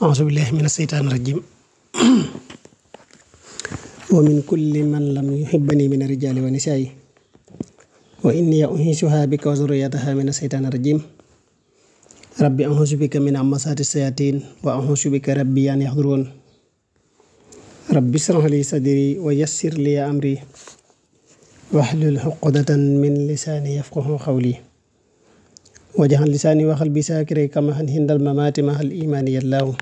auzu billahi mina seytaani rajim wa min kulli man lam yuhibbani min rijaali wa nisaa'i wa inni u'iizuha bika wa zurriyataha mina seytaani rajim rabbi auzu bika min amasaati sayaatiin wa auzu bika rabbi an yahduruun rabbi ishrah li sadri wa yassir li amri wahlul uqdatan min lisaani yafqahu qawli wajaxal lisaani waxal bi saakire kamaxan hindal mamaati maxal imaani yallaahu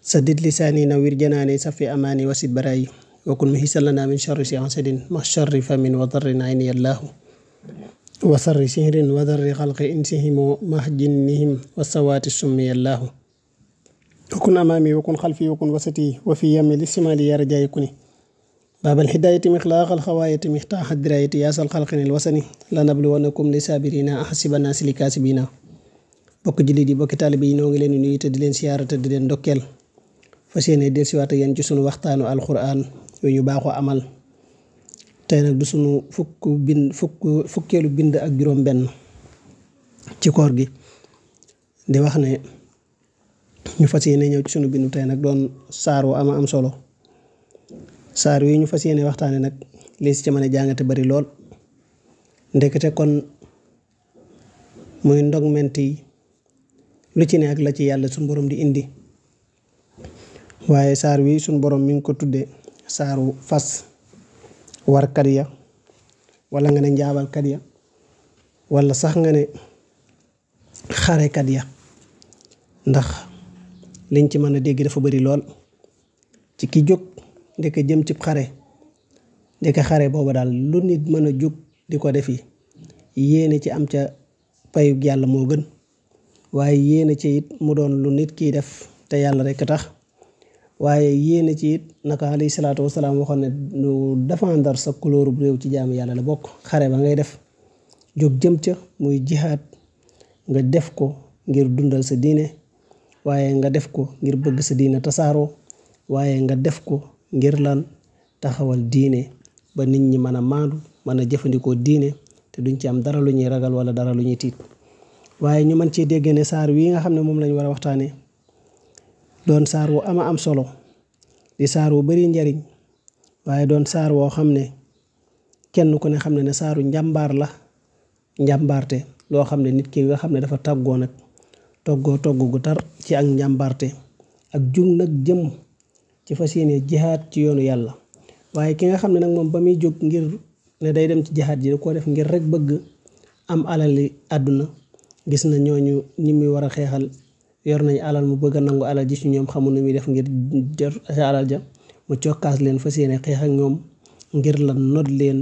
sadid lisaani nawir janaani safi amaani wasit baraayi wakun muhisan lana min charri si ansadin ma charri famin wa darrin ayni yallaahu wa sarri sihrin wa darri xalqi insihimu mah jinnihim wa sawaati summi yallaahu wakun amaami wakun xalfi wakun wasati wa fi yami listimali yarjaay kuni baabal hidaayati mixlaaqal xawaayati mixtaaxad diraayati yaasal xalqinil wasani lanabluwanakum li saabirina ahsibana si li kaasibina bokk jullit yi bokki taalibe yi noo ngi leen di nuyu te di leen siyaara te di leen ndokkeel fas yéene dellusiwaat ak yéen ci sunu waxtaanu alquran yu ñu baaxoo amal te nag du sunu fukk bind fukk fukkeelu bind ak juróom benn ci koor gi di wax ne ñu fas yéene ñëw ci sunu bindu tey nag doon saar wu am am solo saar wi ñu fas yéene waxtaane nag lii si ci mën a jàngate bari lool ndekete kon muy ndog ment yi lu ci ne ak la ci yàlla suñ borom di indi waaye saar wi suñ boroom mi ngi ko tudde saaru fas warkat ya wala nga ne njaabalkat ya walla sax nga ne xarekat ya ndax liñ ci mën a dégg dafa bari lool ci ki jóg ndeke jëm cib xare ndeke xare booba daal lu nit mën a jug di ko defi yéene ci am ca payug yàlla moo gën waaye yéene ci mu doon lu nit kiy def te yàlla rekk tax waaye yéene ci it naka alayhi salaatu ne lu sa couleur réew ci jaamu yàlla la bokk xare ba ngay def jóg jëm ca muy jihaad nga def ko ngir dundal sa diine waaye nga def ko ngir bëgg sa diine tasaaroo waaye nga def ko ngir lan taxawal diine ba nit ñi mën a maandu mën a jëfandikoo diine te duñ ci am dara lu ñuy ragal wala dara lu ñuy tiit waaye ñu mën cee dégg ne saar wii nga xam ne moom lañu war a waxtaane doon saar wu a am solo di saar wu bari njariñ waaye doon saar woo xam ne kenn ku ne xam ne ne saaru njàmbaar la njàmbaarte loo xam ne nit ki nga xam ne dafa tàggoo nag toggoo togg gu tar ci ak njàmbaarte ak jug nag jëm ci fa yéene jihaad ci yoonu yàlla waaye ki nga xam ne nag moom ba muy jóg ngir ne day dem ci jihaad ji da koo def ngir rek bëgg am alali àdduna gis na ñooñu ñi muy war a xeexal yor nañ alal mu bëgg nangu alal ji si ñoom xamul nu muy def ngir jot alal ja mu cokkaas leen fa yéene xeex ak ñoom ngir la not leen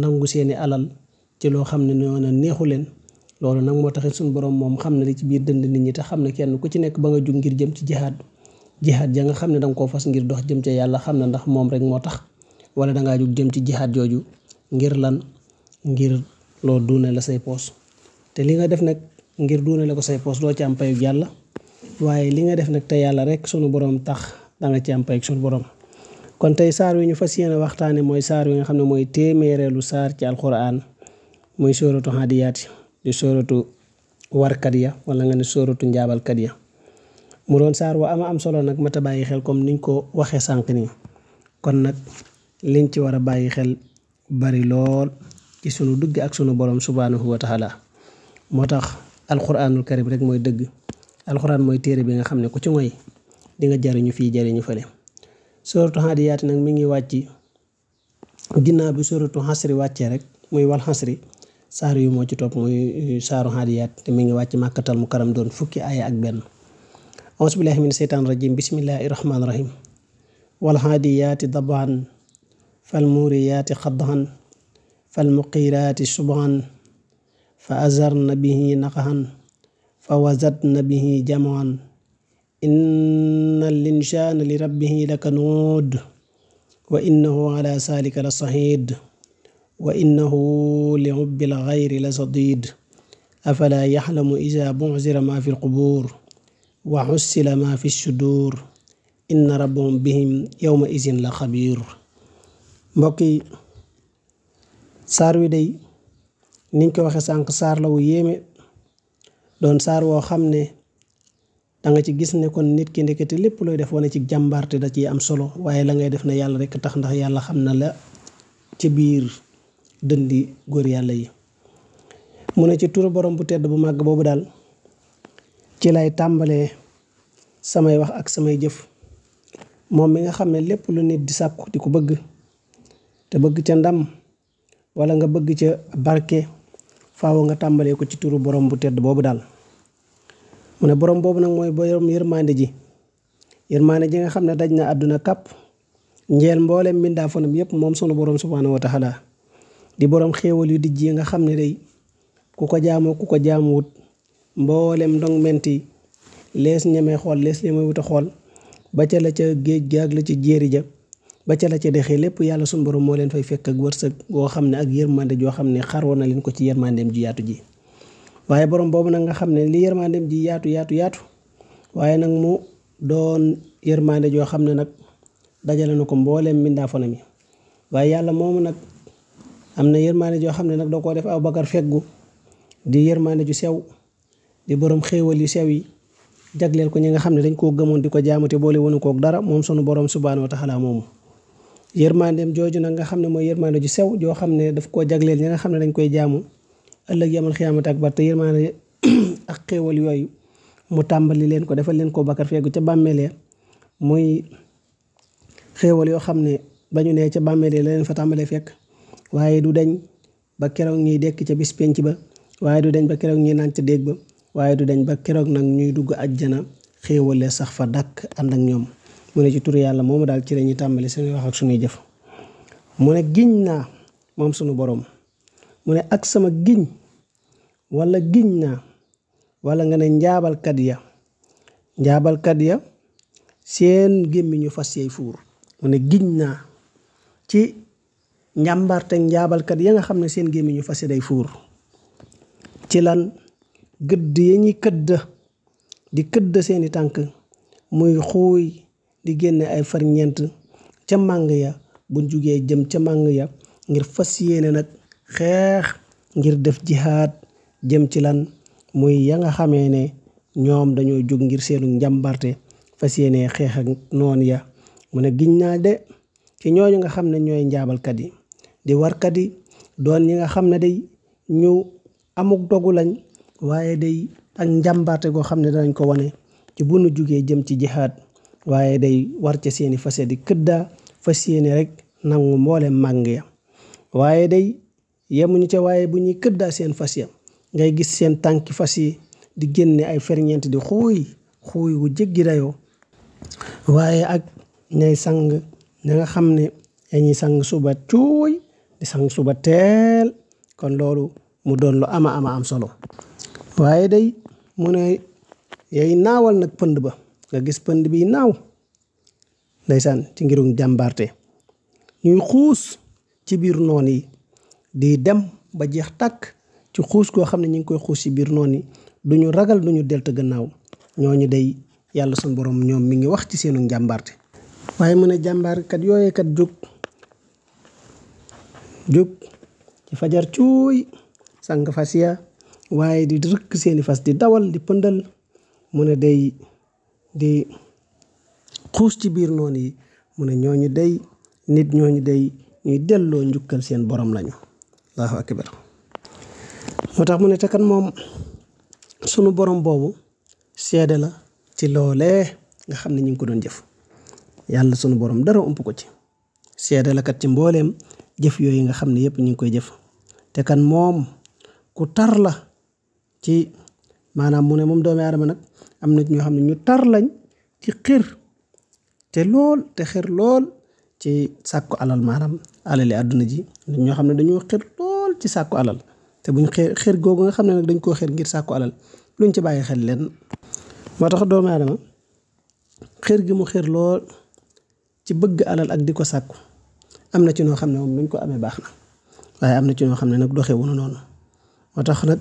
nangu seeni alal ci loo xam ne noona neexu leen loolu nag moo taxit suñu borom moom xam ne li ci biir dënd nit ñi te xam ne kenn ku ci nekk ba nga jug ngir jëm ci jihaad jihaad ja nga xam ne danga koo fas ngir dox jëm ca yàlla xam ne ndax moom rek moo tax wala dangaa jóg jëm ci jihaad jooju ngir lan ngir loo duune la say poos te li nga def nag ngir duune la ko say poos doo ci am yàlla waaye li nga def nag te yàlla rek sunu borom tax danga ci am payug sunu borom kon tey saar wi ñu fas yéene waxtaane mooy saar wi nga xam ne mooy téeméereelu saar ci alquran muy sóoratu hadiyaat di sooratu warkat ya wala nga ne sóoratu njaabalkat ya mu doon saar wa ama am solo nag mat a bàyyi xel comme niñ ko waxee sànq nii kon nag liñ ci war a bàyyi xel bari lool ci sunu dugg ak sunu borom subhanahu wa taala moo tax alquranul karim rek mooy dëgg alquran mooy téere bi nga xam ne ku ci mooy di nga jariñu fii jariñu fële suratu Haadiyaat nag mi ngi wàcc ginnaaw bi suratu xasri wàccee rek muy wal xasri saar yu moo ci topp muy saaru Haadiyaat te mu ngi wàcc màkkatal mu karam doon fukki aaya ak benn auzu billahi min seytaan rajim bismillahi rahmaani rahim walhaadiyaati dabaan falmuuriyaati xadhan falmuqiiraati subhan fa azarna bihi naqahan fa wazatna bihi jamaan inna linsaana li rabbihi lakanuud wa innahu ala saalika la sahiid wa innahu li hubbil xayri la sadiid afalaa yaxlamu iza bu'sira maa fi lqubuur wa xussila ma fi sudur inna rabbahum bihim ma isin la xabiir mbokk yi saar wi day niñ ko waxee sànq saar la wu yéeme doon saar woo xam ne danga ci gis ne kon nit ki ndekete lépp looy def wane ci jàmbarte da ciy am solo waaye la ngay def na yàlla rekk tax ndax yàlla xam na la ci biir dëndi góor yàlla yi mu ne ci turu borom bu tedd bu màgg boobu daal ci lay tàmbalee samay wax ak samay jëf moom mi nga xam ne lépp lu nit di sàkku di ko bëgg te bëgg ca ndam wala nga bëgg ca barke faaw nga tàmbalee ko ci turu borom bu tedd boobu daal mu ne borom boobu nag mooy borom yërmande ji yërmande ji nga xam ne daj na àdduna kàpp njeel mboolem mbindaafanam yépp moom sunu borom subhaanahu wa taala di boroom xéewal yu dijj yi nga xam ne day ku ko jaamoo ku ko jaamuwut mboolem ndong ment lees ñeme xool lees ñeme wuta xool ba ca la ca géej gaag la ca jéeri ja ba ca la ca dexee lépp yàlla sunu borom moo leen fay fekk ak wërsëg boo xam ne ak yërmande joo xam ne xaroo na leen ko ci yërmandeem ji yaatu ji waaye borom boobu nag nga xam ne li yërmandeem ji yaatu yaatu yaatu waaye nag mu doon yërmande joo xam ne nag dajale na ko mbooleem mbindaafonam mi waaye yàlla moomu nag am na yërmande joo xam ne nag doo ko def aw bakar feggu di yërmande ju sew di borom xéewal yu sew yi jagleel ko ñi nga xam ne dañ koo gëmoon di ko jaamate boole wonu kook dara moom sunu borom subhaanahu wa taala moomu yërmandeem jooju nag nga xam ne mooy yërmande ju sew joo xam ne daf koo jagleel ñi nga xam ne dañ koy jaamu ëllëg yamal xiyaamata ak bar te yërmande ak xéewal yooyu mu tàmbali leen ko defal leen ko bakkar feegu ca bàmmeelee muy xéewal yoo xam ne bañu nee ca bàmmeelee la leen fa tàmbalee fekk waaye du dañ ba keroog ñuy dekk ca bis penc ba waaye du dañ ba keroog ñuy naan ca déeg ba waaye du dañ ba keroog nag ñuy dugg ak àjjana xéewale sax fa dàq ànd ak ñoom mu ne ci tur yàlla moomu daal ci la ñuy tàmbali suñuy wax ak suñuy jëf mu ne giñ naa moom suñu boroom mu ne ak sama giñ walla giñ naa walla nga ne njaabalkat ya njaabalkat ya seen gémmiñu fas yey fuur mu ne giñ naa ci njàmbarte njaabalkat ya nga xam ne seen gémmiñu fas day fuur ci lan gëdd ya ñuy di këdd seeni tànk muy xuuy di génne ay farñeent ca màng ya bu jugee jëm ca màng ya ngir fas yéene nag xeex ngir def jihaad jëm ci lan muy ya nga xamee ne ñoom dañoo jóg ngir seenu njàmbarte fas yéene xeex ak noon ya mu ne giñ naa de ci ñooñu nga xam ne ñooy njaabalkat yi di warkat yi doon ñi nga xam ne day ñu amuk dogu lañ waaye day ak njàmbaarte goo xam ne danañ ko wane ci bu nu jugee jëm ci jihaad waaye day war ca seeni fase di këddaa fas yéene rek nangu mboolem màng ya waaye day yemuñu ca waaye bu ñuy këddaa seen fas ya ngay gis seen tànki fas yi di génne ay ferñeent di xuuy xuuy wu jéggi dayoo waaye ak ñay sang ña nga xam ne dañuy sang suba cuuy di sang suba teel kon loolu mu doon lu ama ama am solo waaye day mu ne yay naawal nag pënd ba nga gis pënd biy naaw ndeysaan ci ngirum jàmbarte ñuy xuus ci biir noon yi di dem ba jeex tàkk ci xuus koo xam ne ñu ngi koy xuus ci biir noon yi duñu ragal duñu delta gannaaw ñu day yàlla suñu borom ñoom mi ngi wax ci seenu jàmbaarte waaye mu ne jàmbaarkat yooyee kat jóg jóg ci fajar cuuy sang fasiya waaye di rëkk seeni fas di dawal di pëndal mu ne day di xuus ci biir noon yi mu ne ñooñu day nit ñooñu day ñuy delloo njukkal seen boroom lañu allahu akbar moo tax mu ne te kan moom sunu borom boobu seede la ci loolee nga xam ne ñu ngi ko doon jëf yàlla sunu borom dara ump ko ci seede la kat ci mbooleem jëf yooyu nga xam ne yëpp ñu ngi koy jëf te kan moom ku tar la ci maanaam mu ne moom doomi aadama nag am na ñoo xam ne ñu tar lañ ci xir te lool te xir lool ci sàkku alal maanaam alali àdduna ji ñoo xam ne dañoo xir lool ci sàkku alal te buñ xir xir googu nga xam ne nag dañ koo xir ngir sàkku alal luñ ci bàyyi xel leen moo tax doomu aadama xir gi mu xir lool ci bëgg alal ak di ko sàkku am na ci noo xam ne moom luñ ko amee baax na waaye am na ci noo xam ne nag doxee wunu noonu moo tax nag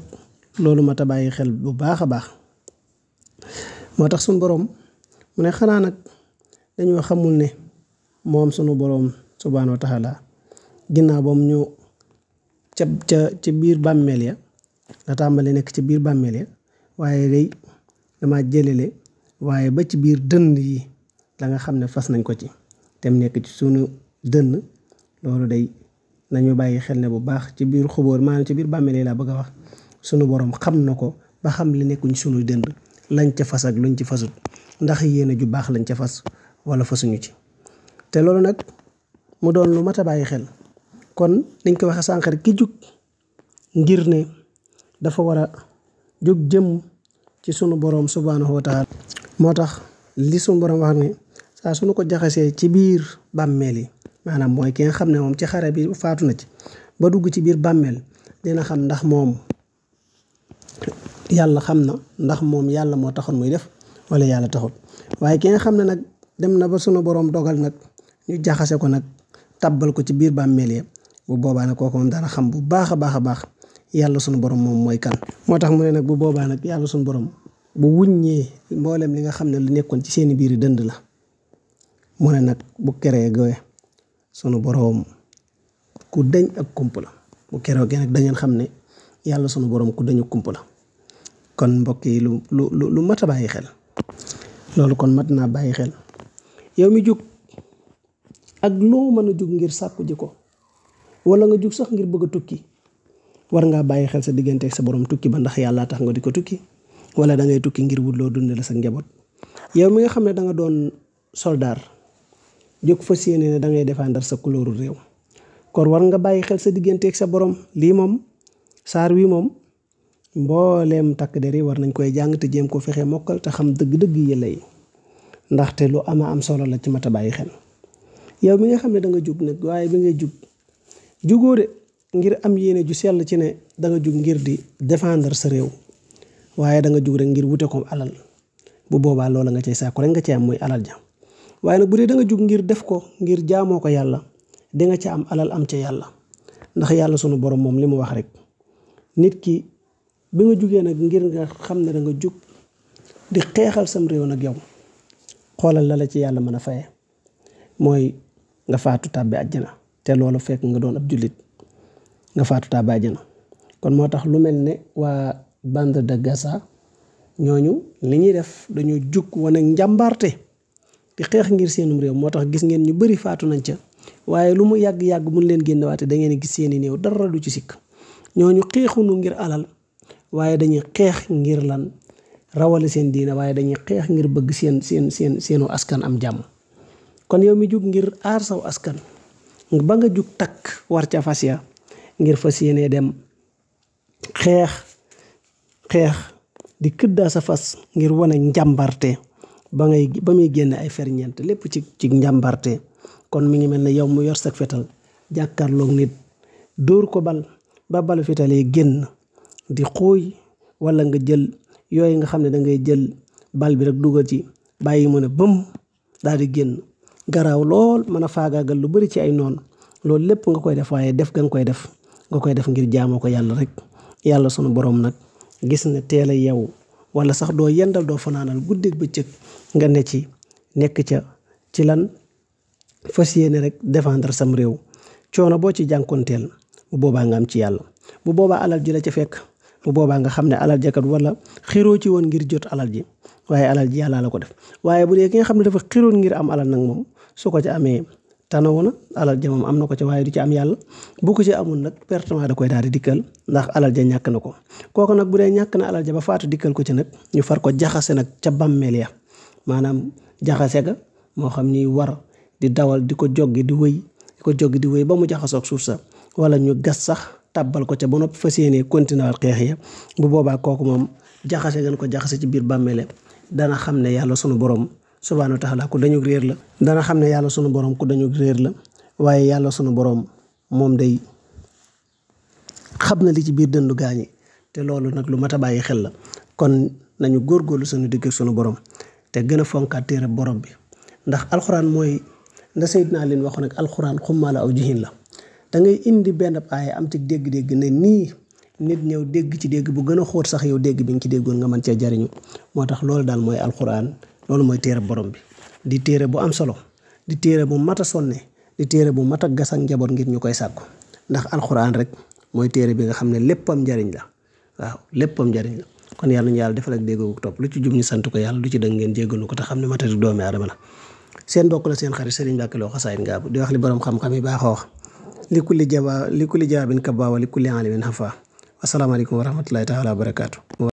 loolu mat a bàyyi xel bu baax a baax moo tax suñu boroom mu ne xanaa nag dañoo xamul ne moom sunu boroom subaanoo wa taala ginnaaw ba mu ñu ca ca ci biir bàmmeel ya la tàmbali nekk ci biir bàmmeel ya waaye day damaa jëlale waaye ba ci biir dënn yi la xam ne fas nañ ko ci tem nekk ci sunu dënn loolu day nañu bàyyi xel ne bu baax ci biir xubóor maanaam ci biir bàmmeel yi laa bëgg a wax sunu borom xam na ko ba xam li nekkuñ sunu dënd lañ ca fas ak luñ ci fasut ndax yéene ju baax lañ ca fas wala fasuñu ci te loolu nag mu doon lu mat a bàyyi xel kon niñ ko waxee sànq ki jug ngir ne dafa war a jug jëm ci sunu borom subhanahu wa moo tax li sunu borom wax ne saa sunu ko jaxasee ci biir bàmmeel yi maanaam mooy ki nga xam ne moom ci xare bi faatu na ci ba dugg ci biir bàmmeel dina xam ndax moom yàlla xam na ndax moom yàlla moo taxoon muy def wala yàlla taxul waaye ki nga xam ne nag dem na ba sunu boroom dogal nag ñu jaxase ko nag tabbal ko ci biir bàmmeel ya bu boobaa nag kooku moom dana xam bu baax a baax a baax yàlla sunu borom moom mooy kan. moo tax mu ne nag bu boobaa nag yàlla suñu borom bu wuññee mboolem li nga xam ne li nekkoon ci seeni biir dënd la mu ne nag bu keree goye sunu borom ku deñ ak kump la bu keree nag da xam ne. yàlla sunu boroom ku dañu kump la kon mbokk yi lu lu lu mat a bàyyi xel loolu kon mat naa bàyyi xel yow mi jug ak loo mën a jug ngir sàkku ji ko wala nga jóg sax ngir bëgg a tukki war ngaa bàyyi xel sa diggante ak sa boroom tukki ba ndax yàlla tax nga di ko tukki wala da tukki ngir wut loo dundale sa njaboot yow mi nga xam ne danga doon soldaar jóg fa yéene ne da ngay défendre sa couleur réew kon war nga bàyyi xel sa diggante ak sa borom lii moom. saar wi moom mbooleem takk der yi war nañ koy jàng te jéem ko fexe mokkal te xam dëgg-dëgg yëlla yi ndaxte lu ama am solo la ci mat a bàyyi xel yow mi nga xam ne da nga jug nag waaye bi ngay jug jugoo de ngir am yéene ju sell ci ne da nga jug ngir di défendre sa réew waaye da nga jug rek ngir wute ko alal bu boobaa loola nga cay sàkku rek nga cay am muy alal ja waaye nag bu da nga jug ngir def ko ngir jaamoo ko yàlla di nga ca am alal am ca yàlla ndax yàlla sunu borom moom li mu wax rek nit ki bi nga jugee nag ngir nga xam ne da nga jug di xeexal sam réew nag yow xoolal la la ci yàlla mën a faye mooy nga faatu tàbbi na te loolu fekk nga doon ab jullit nga faatu tàbbi na kon moo tax lu mel ne waa bande de Gaza ñooñu li ñuy def dañoo jug wane njàmbaarte di xeex ngir seenum réew moo tax gis ngeen ñu bari faatu nañ ca waaye lu mu yàgg-yàgg mun leen génnewaate da ngeen gis seeni néew dara du ci sikk ñooñu xeexunu ngir alal waaye dañuy xeex ngir lan rawale seen diine waaye dañuy xeex ngir bëgg seen seen seen seenu askan am jàmm kon yow mi jug ngir aar saw askan ba nga jug takk war ca fas ya ngir fas yéene dem xeex xeex di këddaa sa fas ngir wane njàmbarte ba ngay ba muy génne ay ferñeent lépp ci ci njàmbarte kon mi ngi mel ne yow mu yor sag fetal jàkkaarloog nit dóor ko bal ba balu fitalee génn di xuuy wala nga jël yooyu nga xam ne dangay jël bal bi rek dugal ci bàyyi mën a bëm daal di génn garaaw lool mën a faagaagal lu bari ci ay noon loolu lépp nga koy def waaye def nga koy def nga koy def ngir jaamoo ko yàlla rek yàlla sunu borom nag gis na teel a yow wala sax doo yendal doo fanaanal ba bëccëg nga ne ci nekk ca ci lan fas yéene rek défendre sam réew coono boo ci jànkonteel bu boobaa nga am ci yàlla bu boobaa alal ji la ca fekk bu boobaa nga xam ne alal jakat wala xiroo ci woon ngir jot alal ji waaye alal ji yàlla la ko def waaye bu dee ki nga xam ne dafa xiroon ngir am alal nag moom su ko ci amee tanawu na alal ja moom am na ko ca waaye du ci am yàlla bu ko ci amul nag pertement da koy daal di dikkal ndax alal ja ñàkk na ko kooku nag bu dee ñàkk na alal ja ba faatu dikkal ko ci nag ñu far ko jaxase nag ca bàmmeel ya maanaam jaxase ga moo xam ni war di dawal di ko joggi di wëy ko joggi di wëy ba mu jaxasoog suuf sa wala ñu gas sax tàbbal ko ca ba noppi fas yéenee continuer xeex ya bu boobaa kooku moom jaxase gën ko jaxase ci biir bàmmeele dana xam ne yàlla sunu borom subhaanahu wa taala ku dañu réer la. dana xam ne yàlla sunu borom ku dañu réer la waaye yàlla sunu borom moom day xam na li ci biir dëndu yi te loolu nag lu mat a bàyyi xel la kon nañu góor góor góorgóorlu sunu digg sunu borom te gën a fonkaat téere borom bi ndax alxuraan mooy nda naa leen waxoon ak alxuraan xummaa aw jihin la. da ngay indi benn aaya am ci dégg-dégg ne nii nit ñëw dégg ci dégg bu gën a xóot sax yow dégg bi nga ci déggoon nga mën cee jariñu moo tax loolu daal mooy alxuraan loolu mooy téere borom bi di téere bu am solo di téere bu mat a sonne di téere bu mat a gas ak njaboot ngir ñu koy sàkku ndax alxuraan rek mooy téere bi nga xam ne léppam njariñ la waaw léppam njariñ la kon yàlla ñu yàlla defal déggoo ak topp lu ci jub ñu sant ko yàlla lu ci dëng ngeen jéggalu ko te xam ne matatu doomi aadama la seen bokk la seen xarit Serigne Mbacke Lo Xasaayit Ngabou di wax li borom xam-xam yi li kulli jaba li kulli jawaabin kabaa wa li kulli alimin xafaa asalaamaaleykum wa rahmatullahi taala wa barakaatu